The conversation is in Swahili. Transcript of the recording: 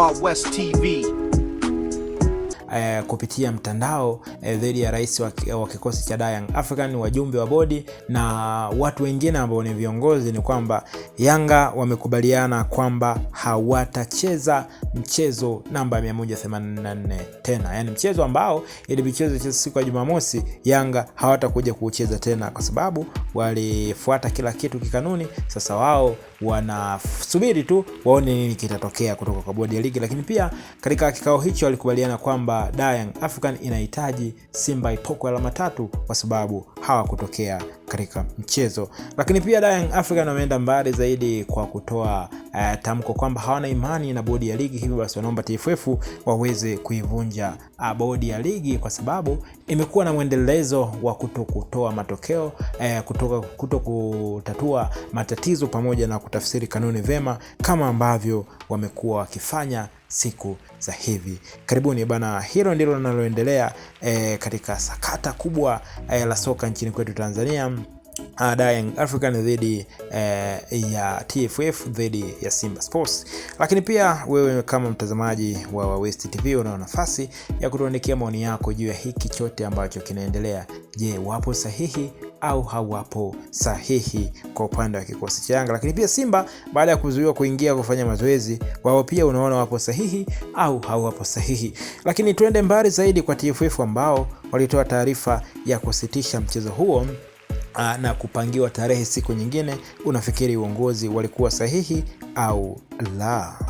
Wild West TV. eh, kupitia mtandao eh, dhidi eh, ya rais wa, wa kikosi cha Young African, wajumbe wa bodi na watu wengine ambao ni viongozi, ni kwamba Yanga wamekubaliana kwamba hawatacheza mchezo namba 184 tena, yani mchezo ambao ilichezwa siku ya Jumamosi, Yanga hawatakuja kuucheza tena kwa sababu walifuata kila kitu kikanuni. Sasa wao wanasubiri tu waone nini kitatokea kutoka kwa bodi ya ligi, lakini pia katika kikao hicho walikubaliana kwamba da Young African inahitaji Simba ipokwe alama tatu kwa sababu hawakutokea katika mchezo, lakini pia da Young African wameenda mbali zaidi kwa kutoa uh, tamko kwamba hawana imani na bodi ya ligi, hivyo basi wanaomba TFF waweze kuivunja uh, bodi ya ligi kwa sababu imekuwa na mwendelezo wa kuto kutoa matokeo uh, kutoka kuto kutatua matatizo pamoja na kutafsiri kanuni vema kama ambavyo wamekuwa wakifanya siku za hivi karibuni bana. Hilo ndilo linaloendelea e, katika sakata kubwa e, la soka nchini kwetu Tanzania. Uh, African dhidi eh, ya TFF dhidi ya Simba Sports. Lakini pia wewe kama mtazamaji wa West TV unao nafasi ya kutuandikia maoni yako juu ya hiki chote ambacho kinaendelea. Je, wapo sahihi au hawapo sahihi kwa upande wa kikosi cha Yanga? Lakini pia Simba baada ya kuzuiwa kuingia kufanya mazoezi, wao pia unaona wapo sahihi au hawapo sahihi? Lakini tuende mbali zaidi kwa TFF ambao walitoa taarifa ya kusitisha mchezo huo Ah, na kupangiwa tarehe siku nyingine, unafikiri uongozi walikuwa sahihi au la?